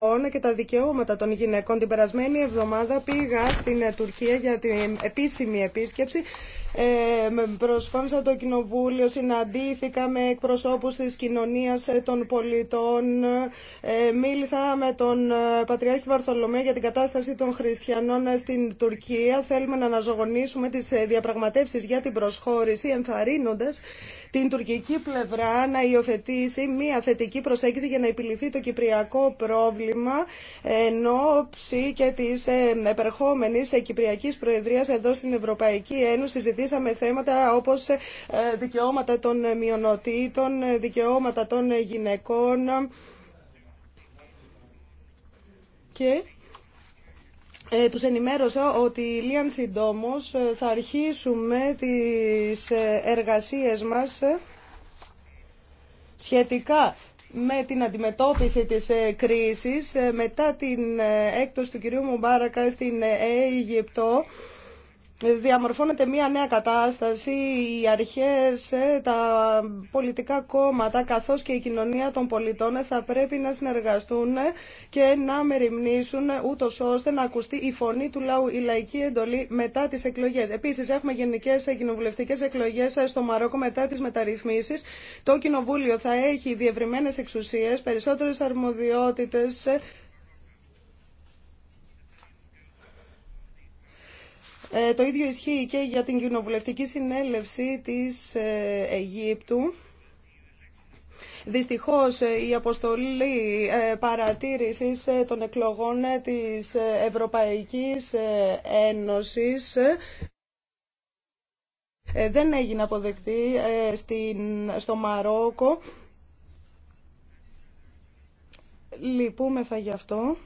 Λοιπόν και τα δικαιώματα των γυναικών. Την περασμένη εβδομάδα πήγα στην ε, Τουρκία για την επίσημη επίσκεψη. Ε, το Κοινοβούλιο, συναντήθηκα με εκπροσώπους της κοινωνίας ε, των πολιτών, ε, μίλησα με τον ε, Πατριάρχη Βαρθολομέ για την κατάσταση των χριστιανών στην Τουρκία. Θέλουμε να αναζωογονήσουμε τις διαπραγματεύσεις για την προσχώρηση, ενθαρρύνοντας την τουρκική πλευρά να υιοθετήσει μια θετική προσέγγιση για να επιληθεί το κυπριακό πρόβλημα πρόβλημα εν ώψη και τη ε, επερχόμενη Κυπριακή προεδρία εδώ στην Ευρωπαϊκή Ένωση. Συζητήσαμε θέματα όπως ε, δικαιώματα των μειονοτήτων, δικαιώματα των γυναικών και... Ε, τους ενημέρωσα ότι λίαν Συντόμος ε, θα αρχίσουμε τις εργασίες μας σχετικά με την αντιμετώπιση της ε, κρίσης ε, μετά την ε, έκπτωση του κυρίου Μουμπάρακα στην Αίγυπτο διαμορφώνεται μια νέα κατάσταση, οι αρχές, ε, τα πολιτικά κόμματα καθώς και η κοινωνία των πολιτών ε, θα πρέπει να συνεργαστούν ε, και να μεριμνήσουν ούτως ώστε να ακουστεί η φωνή του λαού, η λαϊκή εντολή μετά τις εκλογές. Επίσης έχουμε γενικές κοινοβουλευτικές εκλογές στο Μαρόκο μετά τις μεταρρυθμίσεις. Το Κοινοβούλιο θα έχει διευρυμένες εξουσίες, περισσότερες αρμοδιότητες Ε, το ίδιο ισχύει και για την κοινοβουλευτική συνέλευση της ε, Αιγύπτου. Δυστυχώς ε, η αποστολή παρατήρησης των εκλογών της Ευρωπαϊκής Ένωσης δεν έγινε αποδεκτή στο Μαρόκο. Λυπούμεθα γι' αυτό.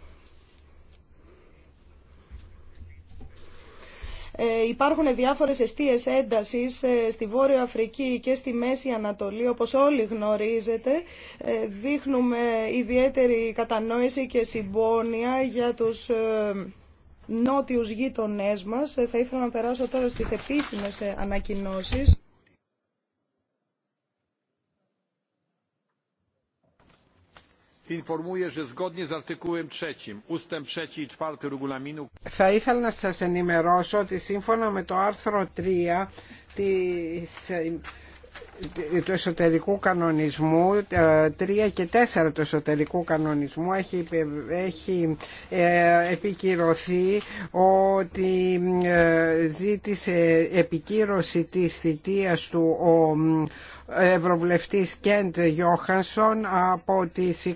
Ε, υπάρχουν διάφορες αιστείες έντασης ε, στη Βόρεια Αφρική και στη Μέση Ανατολή, όπως όλοι γνωρίζετε. Ε, δείχνουμε ιδιαίτερη κατανόηση και συμπόνια για τους νότιους γείτονές μας. Θα ήθελα να περάσω τώρα στις επίσημες ανακοινώσεις. Informuję, że zgodnie z artykułem 3 ustęp 3 i 4 regulaminu Θα ήθελα να σας ενημερώσω ότι σύμφωνα με το άρθρο 3 της του εσωτερικού κανονισμού 3 ε, και 4 του εσωτερικού κανονισμού έχει, έχει ε, επικυρωθεί ότι ε, ζήτησε επικύρωση της θητείας του ο Ευρωβουλευτής Κέντ Γιώχανσον από τις